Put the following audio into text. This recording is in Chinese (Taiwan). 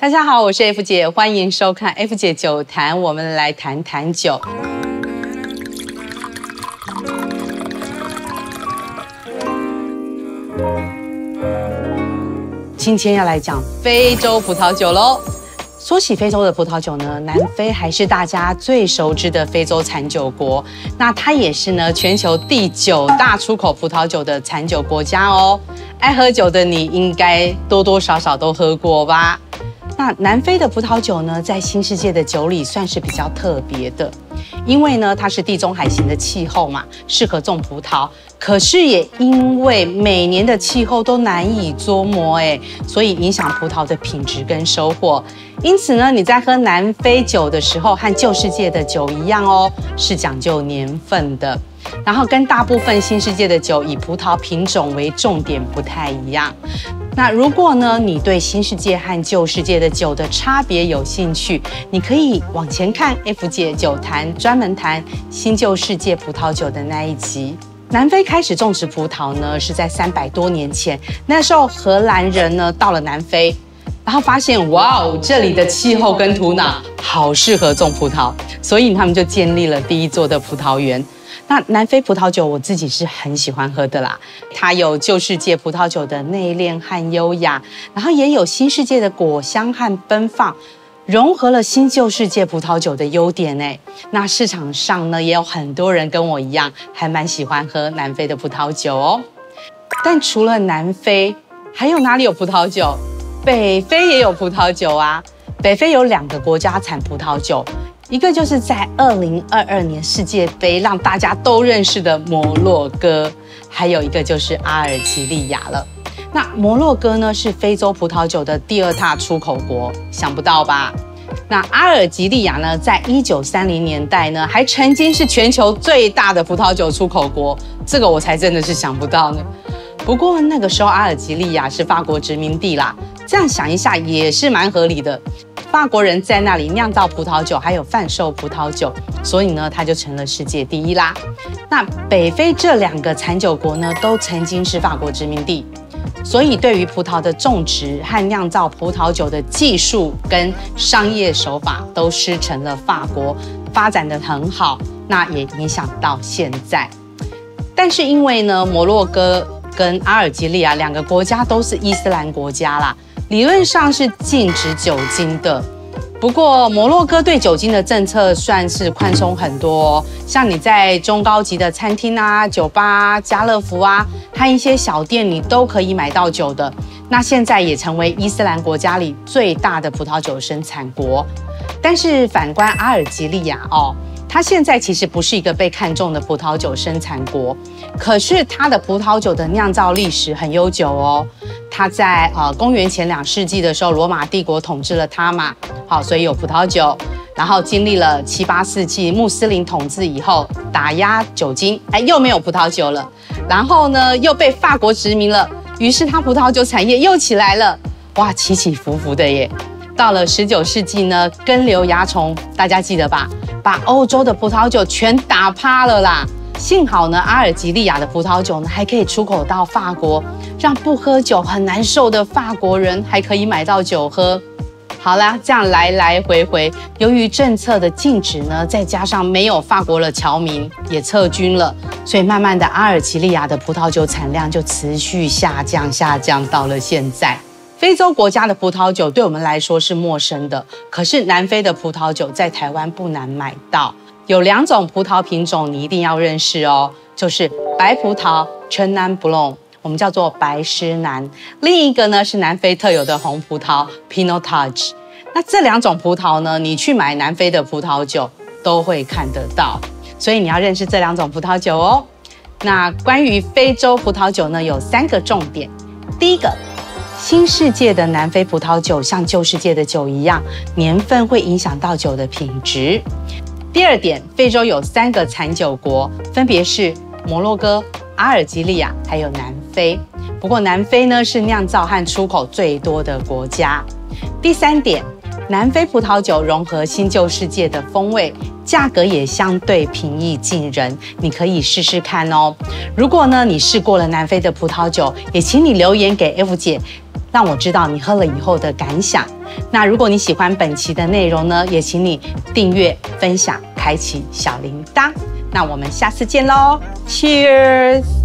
大家好，我是 F 姐，歡迎收看 F 姐酒談，我們來談談酒。今天要來講非洲葡萄酒嘍。說起非洲的葡萄酒呢，南非還是大家最熟知的非洲產酒國，那它也是呢全球第九大出口葡萄酒的產酒國家哦。愛喝酒的你應該多多少少都喝過吧。那南非的葡萄酒呢，在新世界的酒裡算是比較特別的，因為呢，它是地中海型的氣候嘛，適合種葡萄。可是也因為每年的氣候都難以捉摸，哎，所以影響葡萄的品質跟收穫。因此呢，你在喝南非酒的時候，和舊世界的酒一樣哦，是講究年份的。然後跟大部分新世界的酒以葡萄品種為重點不太一樣。那如果呢，你對新世界和舊世界的酒的差別有興趣，你可以往前看 F 界酒壇專門談新舊世界葡萄酒的那一集。南非開始種植葡萄呢，是在三百多年前，那時候荷蘭人呢，到了南非。然後發現，哇哦，這裡的氣候跟土壤好適合種葡萄，所以他們就建立了第一座的葡萄園。那南非葡萄酒我自己是很喜歡喝的啦，它有舊世界葡萄酒的內斂和優雅，然後也有新世界的果香和奔放，融合了新舊世界葡萄酒的優點誒。那市場上呢也有很多人跟我一樣，還蠻喜歡喝南非的葡萄酒哦。但除了南非，還有哪裡有葡萄酒？北非也有葡萄酒啊！北非有兩個國家產葡萄酒，一個就是在二零二二年世界盃讓大家都認識的摩洛哥，還有一個就是阿爾及利亞了。那摩洛哥呢是非洲葡萄酒的第二大出口國，想不到吧？那阿爾及利亞呢，在一九三零年代呢還曾經是全球最大的葡萄酒出口國，這個我才真的是想不到呢。不過那個時候阿爾及利亞是法國殖民地啦。這樣想一下也是蠻合理的。法國人在那裡釀造葡萄酒，還有販售葡萄酒，所以呢，它就成了世界第一啦。那北非這兩個產酒國呢，都曾經是法國殖民地，所以對於葡萄的種植和釀造葡萄酒的技術跟商業手法，都師承了法國，發展得很好，那也影響到現在。但是因為呢，摩洛哥跟阿爾及利亞兩個國家都是伊斯蘭國家啦。理論上是禁止酒精的，不過摩洛哥對酒精的政策算是寬鬆很多哦，像你在中高級的餐廳啊、酒吧啊、家樂福啊和一些小店你都可以買到酒的。那現在也成為伊斯蘭國家裡最大的葡萄酒生產國，但是反觀阿爾及利亞哦。他現在其實不是一個被看重的葡萄酒生產國，可是他的葡萄酒的釀造歷史很悠久哦。他在呃公元前兩世紀的時候，羅馬帝國統治了他嘛，好，所以有葡萄酒。然後經歷了七八世紀穆斯林統治以後，打壓酒精，哎，又沒有葡萄酒了。然後呢，又被法國殖民了，於是他葡萄酒產業又起來了，哇，起起伏伏的耶。到了十九世紀呢，根瘤蚜蟲大家記得吧？把歐洲的葡萄酒全打趴了啦！幸好呢，阿爾及利亞的葡萄酒呢還可以出口到法國，讓不喝酒很難受的法國人還可以買到酒喝。好啦，這樣來來回回，由於政策的禁止呢，再加上沒有法國的僑民也撤軍了，所以慢慢的，阿爾及利亞的葡萄酒產量就持續下降，下降到了現在。非洲國家的葡萄酒對我們來說是陌生的，可是南非的葡萄酒在台灣不難買到。有兩種葡萄品種你一定要認識哦，就是白葡萄 Chenin Blanc，我們叫做白詩南；另一個呢是南非特有的紅葡萄 Pinotage。那這兩種葡萄呢，你去買南非的葡萄酒都會看得到，所以你要認識這兩種葡萄酒哦。那關於非洲葡萄酒呢，有三個重點，第一個。新世界的南非葡萄酒像舊世界的酒一樣，年份會影響到酒的品質。第二點，非洲有三個產酒國，分別是摩洛哥、阿爾及利亞，還有南非。不過南非呢是釀造和出口最多的國家。第三點，南非葡萄酒融合新舊世界的風味，價格也相對平易近人，你可以試試看哦。如果呢你試過了南非的葡萄酒，也請你留言給 F 姐。讓我知道你喝了以後的感想。那如果你喜歡本期的內容呢，也請你訂閱、分享、開啟小鈴鐺。那我們下次見嘍。Cheers！